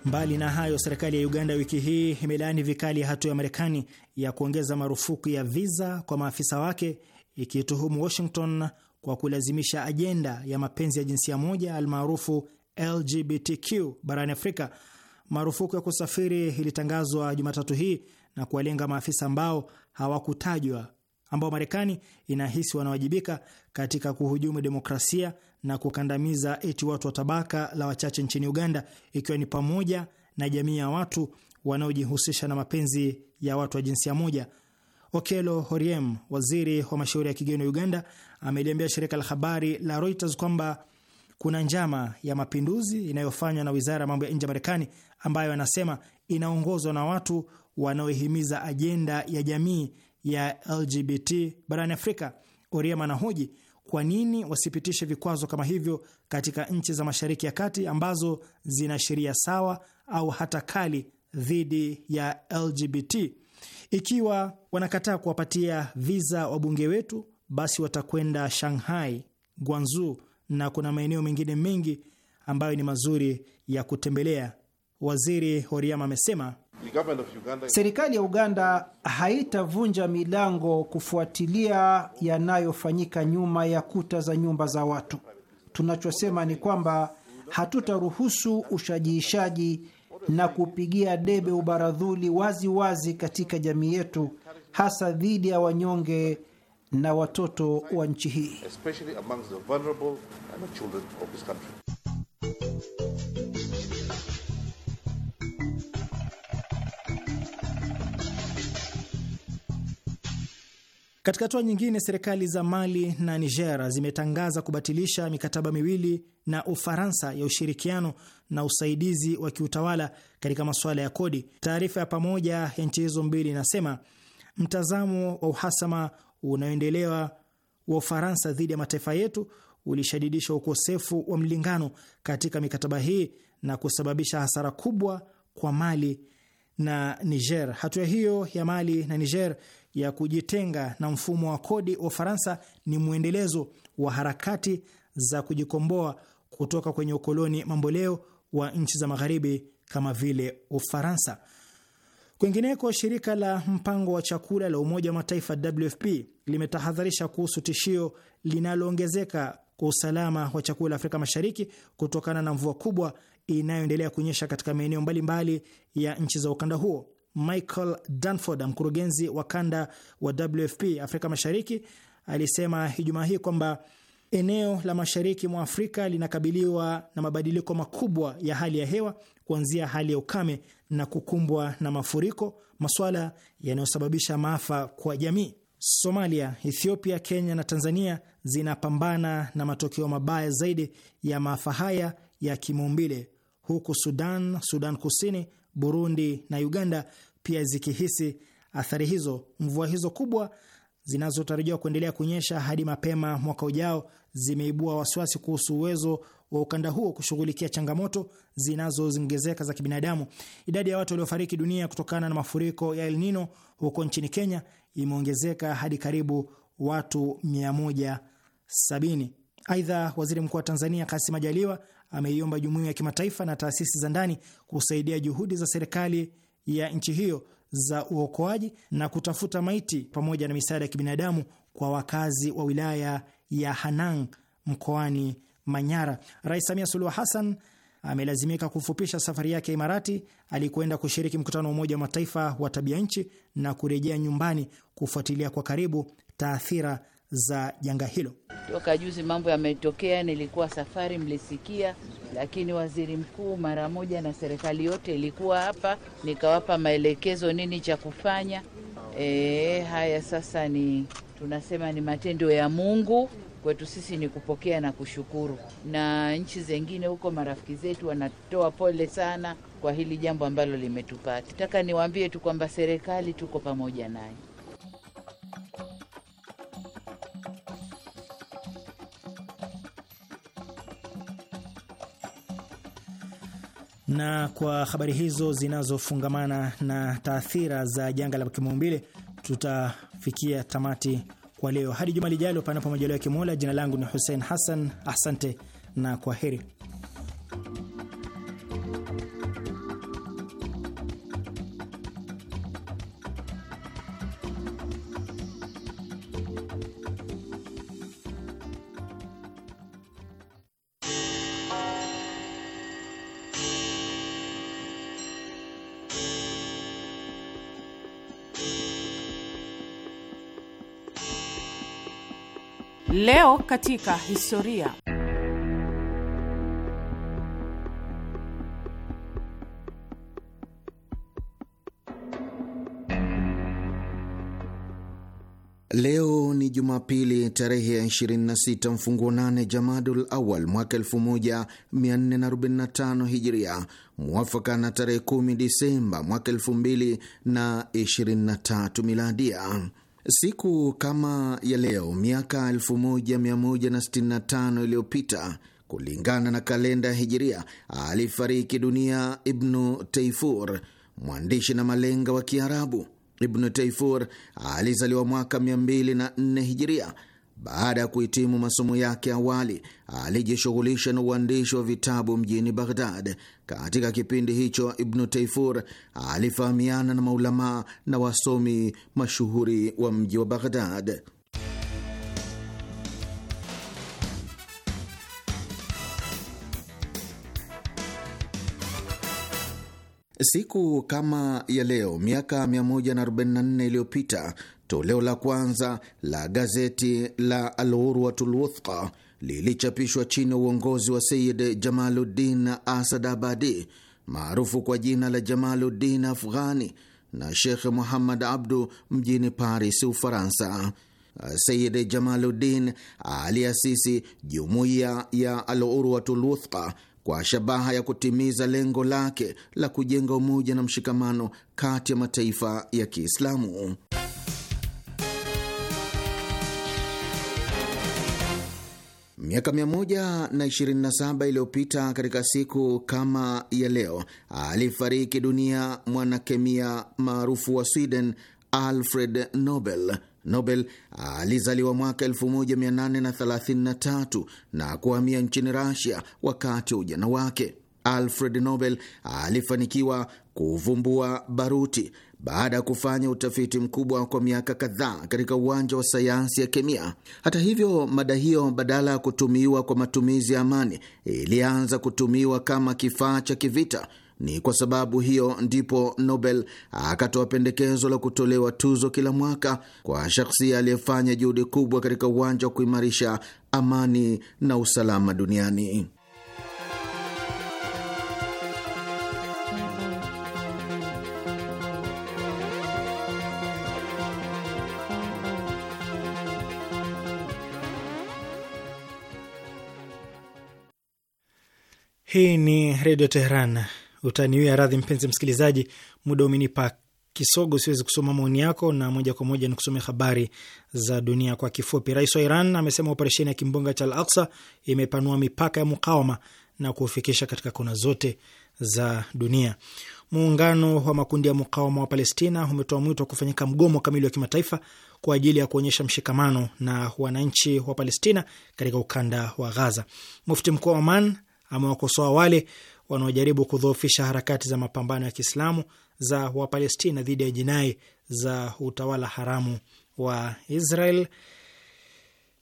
Mbali na hayo, serikali ya Uganda wiki hii imelaani vikali hatua ya Marekani ya kuongeza marufuku ya viza kwa maafisa wake, ikituhumu Washington kwa kulazimisha ajenda ya mapenzi ya jinsia moja almaarufu LGBTQ barani Afrika. Marufuku ya kusafiri ilitangazwa Jumatatu hii na kuwalenga maafisa ambao hawakutajwa ambao Marekani inahisi wanawajibika katika kuhujumu demokrasia na kukandamiza eti watu wa tabaka la wachache nchini Uganda, ikiwa ni pamoja na jamii ya watu wanaojihusisha na mapenzi ya watu wa jinsia moja. Okello horiem waziri wa mashauri ya kigeni wa Uganda, ameliambia shirika la habari la Reuters kwamba kuna njama ya mapinduzi inayofanywa na wizara ya mambo ya nje ya Marekani ambayo anasema inaongozwa na watu wanaohimiza ajenda ya jamii ya LGBT barani Afrika. Oryem anahoji kwa nini wasipitishe vikwazo kama hivyo katika nchi za Mashariki ya Kati ambazo zina sheria sawa au hata kali dhidi ya LGBT ikiwa wanakataa kuwapatia viza wabunge wetu, basi watakwenda Shanghai, Guangzhou na kuna maeneo mengine mengi ambayo ni mazuri ya kutembelea. Waziri Horiama amesema serikali ya Uganda haitavunja milango kufuatilia yanayofanyika nyuma ya kuta za nyumba za watu. Tunachosema ni kwamba hatutaruhusu ushajiishaji na kupigia debe ubaradhuli wazi wazi katika jamii yetu, hasa dhidi ya wanyonge na watoto wa nchi hii. Katika hatua nyingine, serikali za Mali na Niger zimetangaza kubatilisha mikataba miwili na Ufaransa ya ushirikiano na usaidizi wa kiutawala katika masuala ya kodi. Taarifa ya pamoja ya nchi hizo mbili inasema mtazamo wa uhasama unaoendelewa wa Ufaransa dhidi ya mataifa yetu ulishadidisha ukosefu wa mlingano katika mikataba hii na kusababisha hasara kubwa kwa Mali na Niger. Hatua hiyo ya Mali na Niger ya kujitenga na mfumo wa kodi wa Ufaransa ni mwendelezo wa harakati za kujikomboa kutoka kwenye ukoloni mamboleo wa nchi za magharibi kama vile Ufaransa. Kwingineko, shirika la mpango wa chakula la Umoja wa Mataifa WFP limetahadharisha kuhusu tishio linaloongezeka kwa usalama wa chakula Afrika Mashariki kutokana na mvua kubwa inayoendelea kunyesha katika maeneo mbalimbali ya nchi za ukanda huo. Michael Danford, mkurugenzi wa kanda wa WFP Afrika Mashariki, alisema Ijumaa hii kwamba eneo la mashariki mwa Afrika linakabiliwa na mabadiliko makubwa ya hali ya hewa kuanzia hali ya ukame na kukumbwa na mafuriko, masuala yanayosababisha maafa kwa jamii. Somalia, Ethiopia, Kenya na Tanzania zinapambana na matokeo mabaya zaidi ya maafa haya ya kimaumbile, huku Sudan, Sudan Kusini, Burundi na Uganda pia zikihisi athari hizo. Mvua hizo kubwa zinazotarajiwa kuendelea kunyesha hadi mapema mwaka ujao zimeibua wasiwasi kuhusu uwezo wa ukanda huo kushughulikia changamoto zinazoongezeka za kibinadamu. Idadi ya watu waliofariki dunia kutokana na mafuriko ya El Nino huko nchini Kenya imeongezeka hadi karibu watu 170. Aidha, waziri mkuu wa Tanzania Kassim Majaliwa ameiomba jumuiya ya kimataifa na taasisi za ndani kusaidia juhudi za serikali ya nchi hiyo za uokoaji na kutafuta maiti pamoja na misaada ya kibinadamu kwa wakazi wa wilaya ya Hanang mkoani Manyara. Rais Samia Suluhu Hassan amelazimika kufupisha safari yake ya Imarati alikwenda kushiriki mkutano wa Umoja wa Mataifa wa tabia nchi na kurejea nyumbani kufuatilia kwa karibu taathira za janga hilo. Toka juzi mambo yametokea, nilikuwa safari, mlisikia, lakini waziri mkuu mara moja na serikali yote ilikuwa hapa, nikawapa maelekezo nini cha kufanya. E, haya sasa ni tunasema ni matendo ya Mungu kwetu sisi ni kupokea na kushukuru, na nchi zengine huko marafiki zetu wanatoa pole sana kwa hili jambo ambalo limetupata. Nataka niwaambie tu kwamba serikali tuko pamoja naye. Na kwa habari hizo zinazofungamana na taathira za janga la kimaumbile, tutafikia tamati kwa leo. Hadi juma lijalo, panapo majaliwa ya Kimola. Jina langu ni Hussein Hassan, asante na kwa heri. Leo katika historia. Leo ni Jumapili tarehe ya 26 mfunguo nane Jamadul Awal mwaka 1445 Hijria, mwafaka na tarehe 10 Disemba mwaka 2023 Miladia. Siku kama ya leo miaka 1165 iliyopita kulingana na kalenda ya Hijiria, alifariki dunia Ibnu Taifur, mwandishi na malenga wa Kiarabu. Ibnu Taifur alizaliwa mwaka 204 Hijiria baada ya kuhitimu masomo yake awali, alijishughulisha na uandishi wa vitabu mjini Baghdad. Katika kipindi hicho, Ibnu Taifur alifahamiana na maulamaa na wasomi mashuhuri wa mji wa Baghdad. Siku kama ya leo miaka 144 iliyopita toleo la kwanza la gazeti la Al Wuthqa lilichapishwa chini ya uongozi wa Sayid Jamaluddin Asad Abadi, maarufu kwa jina la Jamaluddin Afghani, na Shekh Muhammad Abdu mjini Paris, Ufaransa. Sayid Jamaluddin aliasisi jumuiya ya Al Wuthqa kwa shabaha ya kutimiza lengo lake la kujenga umoja na mshikamano kati ya mataifa ya Kiislamu. Miaka 127 iliyopita katika siku kama ya leo alifariki dunia mwanakemia maarufu wa Sweden Alfred Nobel. Nobel alizaliwa mwaka 1833 na kuhamia nchini Russia wakati wa ujana wake. Alfred Nobel alifanikiwa kuvumbua baruti baada ya kufanya utafiti mkubwa kwa miaka kadhaa katika uwanja wa sayansi ya kemia. Hata hivyo, mada hiyo badala ya kutumiwa kwa matumizi ya amani ilianza kutumiwa kama kifaa cha kivita. Ni kwa sababu hiyo ndipo Nobel akatoa pendekezo la kutolewa tuzo kila mwaka kwa shakhsia aliyefanya juhudi kubwa katika uwanja wa kuimarisha amani na usalama duniani. Hii ni Redio Teheran. Utaniwia radhi mpenzi msikilizaji, muda umenipa kisogo, siwezi kusoma maoni yako, na moja kwa moja ni kusomea habari za dunia kwa kifupi. Rais wa Iran amesema operesheni ya kimbunga cha Al Aksa imepanua mipaka ya mukawama na kuufikisha katika kona zote za dunia. Muungano wa makundi ya mukawama wa Palestina umetoa mwito wa kufanyika mgomo kamili wa kimataifa kwa ajili ya kuonyesha mshikamano na wananchi wa Palestina katika ukanda wa Ghaza. Mufti mkuu wa Oman amewakosoa wale wanaojaribu kudhoofisha harakati za mapambano ya Kiislamu za Wapalestina dhidi ya jinai za utawala haramu wa Israel.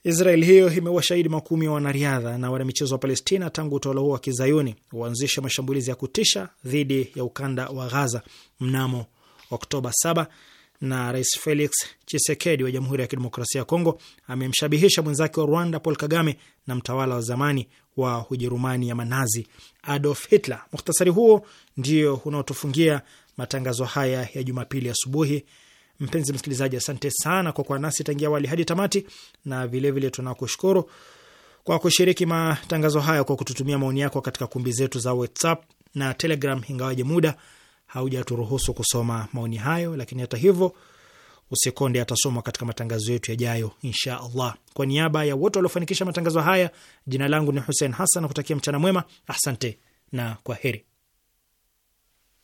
Israel hiyo imewashahidi makumi ya wanariadha na wanamichezo wa Palestina tangu utawala huo wa kizayuni uanzishe mashambulizi ya kutisha dhidi ya ukanda wa Ghaza mnamo Oktoba 7 na Rais Felix Chisekedi wa Jamhuri ya Kidemokrasia ya Kongo amemshabihisha mwenzake wa Rwanda Paul Kagame na mtawala wa zamani wa Ujerumani ya manazi Adolf Hitler. Mukhtasari huo ndio unaotufungia matangazo haya ya Jumapili asubuhi. Mpenzi msikilizaji, asante sana kwa kuwa nasi tangia awali hadi tamati, na vilevile tunakushukuru kwa kushiriki matangazo haya kwa kututumia maoni yako katika kumbi zetu za WhatsApp na Telegram, ingawaje muda haujaturuhusu kusoma maoni hayo, lakini hata hivyo usikonde atasoma katika matangazo yetu yajayo insha Allah. Kwa niaba ya wote waliofanikisha matangazo haya, jina langu ni Hussein Hassan, nakutakia mchana mwema. Asante na kwa heri